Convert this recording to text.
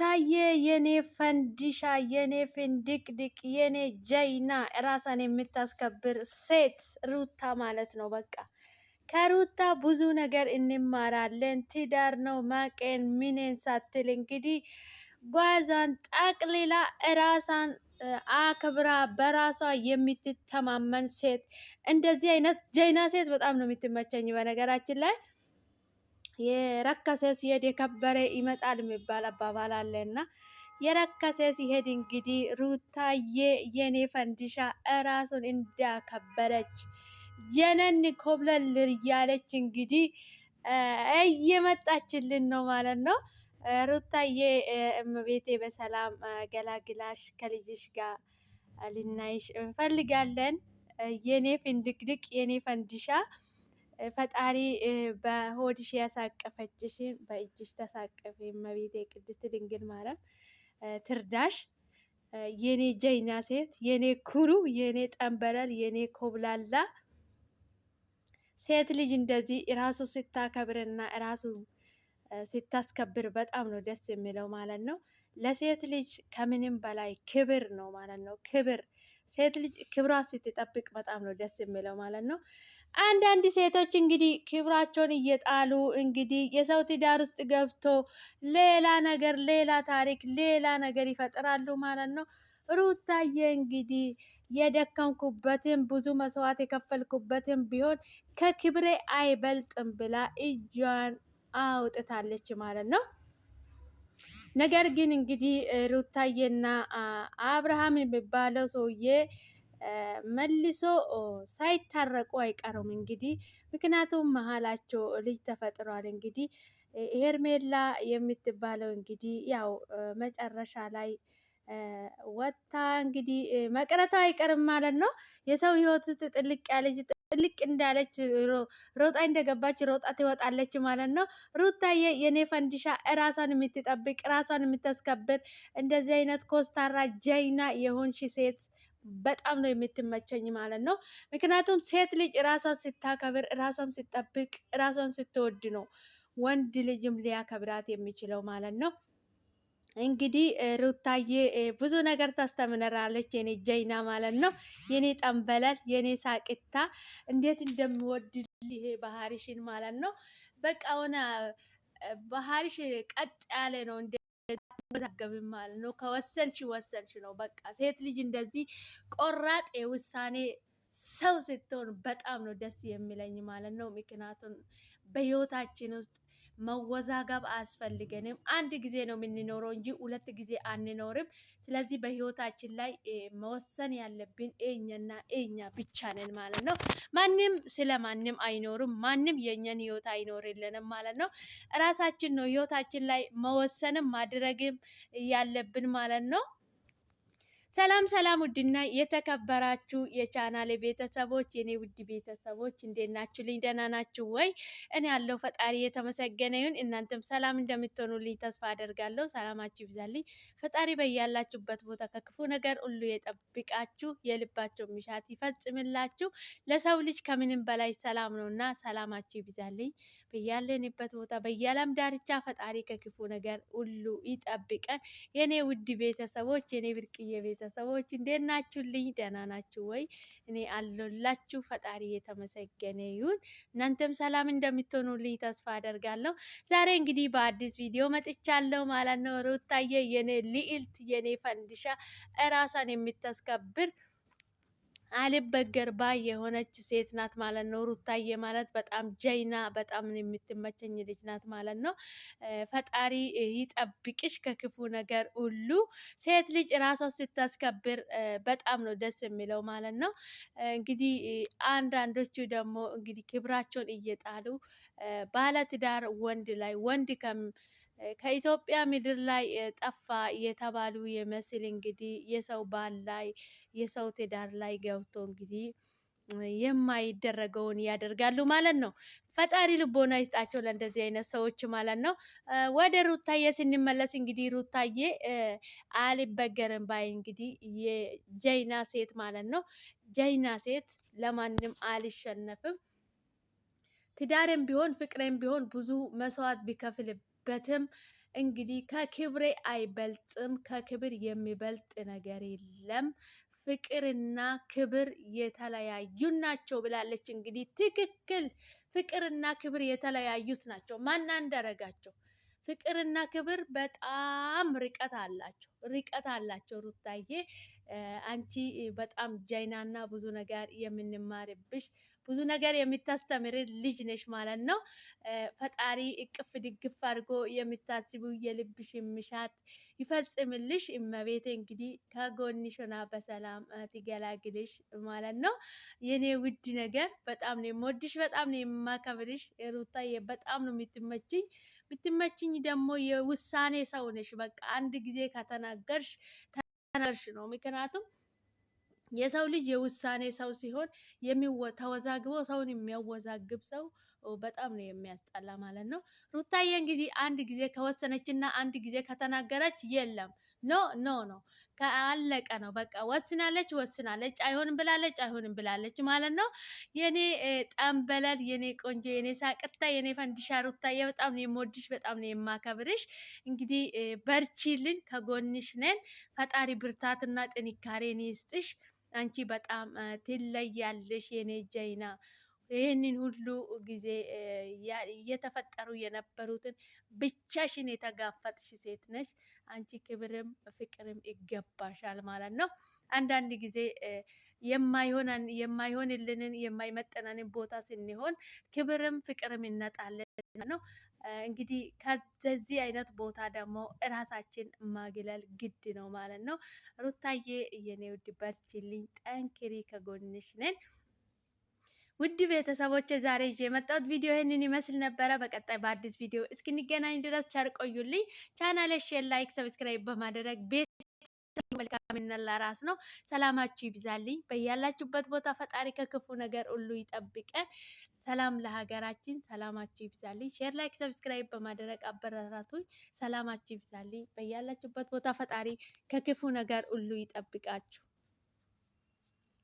ታየ የኔ ፈንዲሻ የኔ ፍንድቅድቅ የኔ ጀይና ራሳን የምታስከብር ሴት ሩታ ማለት ነው። በቃ ከሩታ ብዙ ነገር እንማራለን። ትዳር ነው መቄን ምንን ሳትል እንግዲህ ጓዛን ጠቅልላ ራሷን አክብራ በራሷ የምትተማመን ሴት፣ እንደዚህ አይነት ጀይና ሴት በጣም ነው የምትመቸኝ በነገራችን ላይ የረከሰ ሲሄድ የከበረ ይመጣል የሚባል አባባል አለ እና የረከሰ ሲሄድ እንግዲህ ሩታዬ የኔ ፈንዲሻ እራሱን እንዳከበረች የነን ኮብለል እያለች እንግዲህ እየመጣችልን ነው ማለት ነው። ሩታዬ እመቤቴ በሰላም ገላግላሽ ከልጅሽ ጋር ልናይሽ እንፈልጋለን። የኔ ፍንድቅድቅ የኔ ፈንዲሻ ፈጣሪ በሆድሽ ያሳቀፈችሽ በእጅሽ ተሳቀፍ። እመቤቴ ቅድስት ድንግል ማርያም ትርዳሽ። የኔ ጀይና ሴት፣ የኔ ኩሩ፣ የኔ ጠንበለል፣ የኔ ኮብላላ ሴት ልጅ እንደዚህ እራሱ ስታከብርና እራሱ ስታስከብር በጣም ነው ደስ የሚለው ማለት ነው። ለሴት ልጅ ከምንም በላይ ክብር ነው ማለት ነው። ክብር ሴት ልጅ ክብሯ ስትጠብቅ በጣም ነው ደስ የሚለው ማለት ነው። አንዳንድ ሴቶች እንግዲህ ክብራቸውን እየጣሉ እንግዲህ የሰው ትዳር ውስጥ ገብቶ ሌላ ነገር፣ ሌላ ታሪክ፣ ሌላ ነገር ይፈጥራሉ ማለት ነው። ሩታዬ እንግዲህ የደከምኩበትን ብዙ መስዋዕት የከፈልኩበትን ቢሆን ከክብሬ አይበልጥም ብላ እጇን አውጥታለች ማለት ነው። ነገር ግን እንግዲህ ሩታዬና አብርሃም የሚባለው ሰውዬ መልሶ ሳይታረቁ አይቀሩም። እንግዲህ ምክንያቱም መሀላቸው ልጅ ተፈጥሯል። እንግዲህ ሄርሜላ የምትባለው እንግዲህ ያው መጨረሻ ላይ ወታ እንግዲህ መቅረቷ አይቀርም ማለት ነው። የሰው ህይወት ውስጥ ጥልቅ ያለች ጥልቅ እንዳለች ሮጣ እንደገባች ሮጣ ትወጣለች ማለት ነው። ሩታዬ የኔ ፈንዲሻ እራሷን የምትጠብቅ ራሷን የምታስከብር እንደዚህ አይነት ኮስታራ ጀይና የሆንሽ ሴት በጣም ነው የምትመቸኝ ማለት ነው። ምክንያቱም ሴት ልጅ እራሷን ስታከብር፣ ራሷን ስጠብቅ እራሷን ስትወድ ነው ወንድ ልጅም ሊያከብራት የሚችለው ማለት ነው። እንግዲህ ሩታዬ ብዙ ነገር ታስተምረናለች። የኔ ጀይና ማለት ነው፣ የኔ ጠንበላል፣ የኔ ሳቅታ እንዴት እንደምወድል ይሄ ባህሪሽን ማለት ነው። በቃ ሆነ ባህሪሽ ቀጥ ያለ ነው እንደ ማለት ነው። ከወሰንሽ ወሰንሽ ነው በቃ። ሴት ልጅ እንደዚህ ቆራጥ ውሳኔ ሰው ስትሆን በጣም ነው ደስ የሚለኝ ማለት ነው። ምክንያቱም በህይወታችን ውስጥ መወዛገብ አያስፈልገንም። አንድ ጊዜ ነው የምንኖረው እንጂ ሁለት ጊዜ አንኖርም። ስለዚህ በህይወታችን ላይ መወሰን ያለብን እኛና እኛ ብቻ ነን ማለት ነው። ማንም ስለ ማንም አይኖርም። ማንም የእኛን ህይወት አይኖርልንም ማለት ነው። እራሳችን ነው ህይወታችን ላይ መወሰንም ማድረግም ያለብን ማለት ነው። ሰላም ሰላም፣ ውድና የተከበራችሁ የቻናሌ ቤተሰቦች የኔ ውድ ቤተሰቦች እንዴት ናችሁ? ልኝ ደህና ናችሁ ወይ? እኔ ያለው ፈጣሪ የተመሰገነ ይሁን። እናንተም ሰላም እንደምትሆኑልኝ ተስፋ አደርጋለሁ። ሰላማችሁ ይብዛልኝ። ፈጣሪ በያላችሁበት ቦታ ከክፉ ነገር ሁሉ የጠብቃችሁ፣ የልባቸው ምሻት ይፈጽምላችሁ። ለሰው ልጅ ከምንም በላይ ሰላም ነውና ሰላማችሁ ይብዛልኝ። በያለንበት ቦታ በያለም ዳርቻ ፈጣሪ ከክፉ ነገር ሁሉ ይጠብቀን። የኔ ውድ ቤተሰቦች የኔ ብርቅዬ ቤተሰቦች ቤተሰቦች እንዴት ናችሁልኝ? ደህና ናችሁ ወይ? እኔ አለሁላችሁ። ፈጣሪ የተመሰገነ ይሁን። እናንተም ሰላም እንደምትሆኑልኝ ተስፋ አደርጋለሁ። ዛሬ እንግዲህ በአዲስ ቪዲዮ መጥቻለሁ ማለት ነው። ሩታዬ የኔ ልዕልት የኔ ፈንድሻ እራሷን የምታስከብር አልበገር ባይ የሆነች ሴት ናት ማለት ነው። ሩታዬ ማለት በጣም ጀይና በጣም የምትመቸኝ ልጅ ናት ማለት ነው። ፈጣሪ ይጠብቅሽ ከክፉ ነገር ሁሉ። ሴት ልጅ ራሷ ስታስከብር በጣም ነው ደስ የሚለው ማለት ነው። እንግዲህ አንዳንዶቹ ደግሞ እንግዲህ ክብራቸውን እየጣሉ ባለትዳር ወንድ ላይ ወንድ ከም ከኢትዮጵያ ምድር ላይ ጠፋ የተባሉ የመስል እንግዲህ የሰው ባል ላይ የሰው ትዳር ላይ ገብቶ እንግዲህ የማይደረገውን ያደርጋሉ ማለት ነው። ፈጣሪ ልቦና ይስጣቸው ለእንደዚህ አይነት ሰዎች ማለት ነው። ወደ ሩታዬ ስንመለስ እንግዲህ ሩታዬ አልበገርም ባይ እንግዲህ የጀይና ሴት ማለት ነው። ጀይና ሴት ለማንም አልሸነፍም። ትዳርም ቢሆን ፍቅሬም ቢሆን ብዙ መስዋዕት ቢከፍልም የለበትም። እንግዲህ ከክብሬ አይበልጥም፣ ከክብር የሚበልጥ ነገር የለም። ፍቅርና ክብር የተለያዩ ናቸው ብላለች። እንግዲህ ትክክል፣ ፍቅርና ክብር የተለያዩት ናቸው። ማን አንዳረጋቸው? ፍቅርና ክብር በጣም ርቀት አላቸው፣ ርቀት አላቸው። ሩታዬ አንቺ በጣም ጀይናና ብዙ ነገር የምንማርብሽ ብዙ ነገር የሚታስተምር ልጅ ነሽ ማለት ነው። ፈጣሪ እቅፍ ድግፍ አድርጎ የምታስቡ የልብሽ ምሻት ይፈጽምልሽ። እመቤቴ እንግዲህ ከጎንሽ ሆና በሰላም ትገላግልሽ ማለት ነው። የኔ ውድ ነገር በጣም ነው የምወድሽ፣ በጣም ነው የማከብርሽ። ሩታዬ በጣም ነው የምትመችኝ የምትመችኝ ደግሞ የውሳኔ ሰው ነሽ። በቃ አንድ ጊዜ ከተናገርሽ ተናገርሽ ነው ምክንያቱም የሰው ልጅ የውሳኔ ሰው ሲሆን ተወዛግቦ ሰውን የሚያወዛግብ ሰው በጣም ነው የሚያስጠላ ማለት ነው። ሩታዬ ጊዜ አንድ ጊዜ ከወሰነችና አንድ ጊዜ ከተናገረች የለም ኖ ኖ ኖ ከአለቀ ነው በቃ። ወስናለች ወስናለች፣ አይሆንም ብላለች አይሆንም ብላለች ማለት ነው። የኔ ጠንበለል፣ የኔ ቆንጆ፣ የኔ ሳቅታ፣ የኔ ፈንዲሻ ሩታዬ በጣም ነው የምወድሽ፣ በጣም ነው የማከብርሽ። እንግዲህ በርቺልን፣ ከጎንሽ ነን። ፈጣሪ ብርታትና ጥንካሬን ይስጥሽ። አንቺ በጣም ትለያለሽ የኔ ጀይና። ይህንን ሁሉ ጊዜ እየተፈጠሩ የነበሩትን ብቻሽን የተጋፈጥሽ ሴት ነሽ። አንቺ ክብርም ፍቅርም ይገባሻል ማለት ነው። አንዳንድ ጊዜ የማይሆንን የማይሆንልንን የማይመጠነንን ቦታ ስንሆን ክብርም ፍቅርም ይነጣለን ነው። እንግዲህ ከዚህ አይነት ቦታ ደግሞ እራሳችን ማግለል ግድ ነው ማለት ነው። ሩታዬ የኔ ውድ በርችልኝ፣ ጠንክሪ፣ ከጎንሽ ነን። ውድ ቤተሰቦች ዛሬ ይዤ የመጣሁት ቪዲዮ ይህንን ይመስል ነበረ። በቀጣይ በአዲስ ቪዲዮ እስክንገናኝ ድረስ ቸር ቆዩልኝ። ቻናሌ ሼር፣ ላይክ፣ ሰብስክራይብ በማድረግ ቤት መልካምና ለራስ ነው። ሰላማችሁ ይብዛልኝ በያላችሁበት ቦታ ፈጣሪ ከክፉ ነገር ሁሉ ይጠብቀን። ሰላም ለሀገራችን፣ ሰላማችሁ ይብዛልኝ። ሼር፣ ላይክ፣ ሰብስክራይብ በማድረግ አበረታቱኝ። ሰላማችሁ ይብዛልኝ በያላችሁበት ቦታ ፈጣሪ ከክፉ ነገር ሁሉ ይጠብቃችሁ።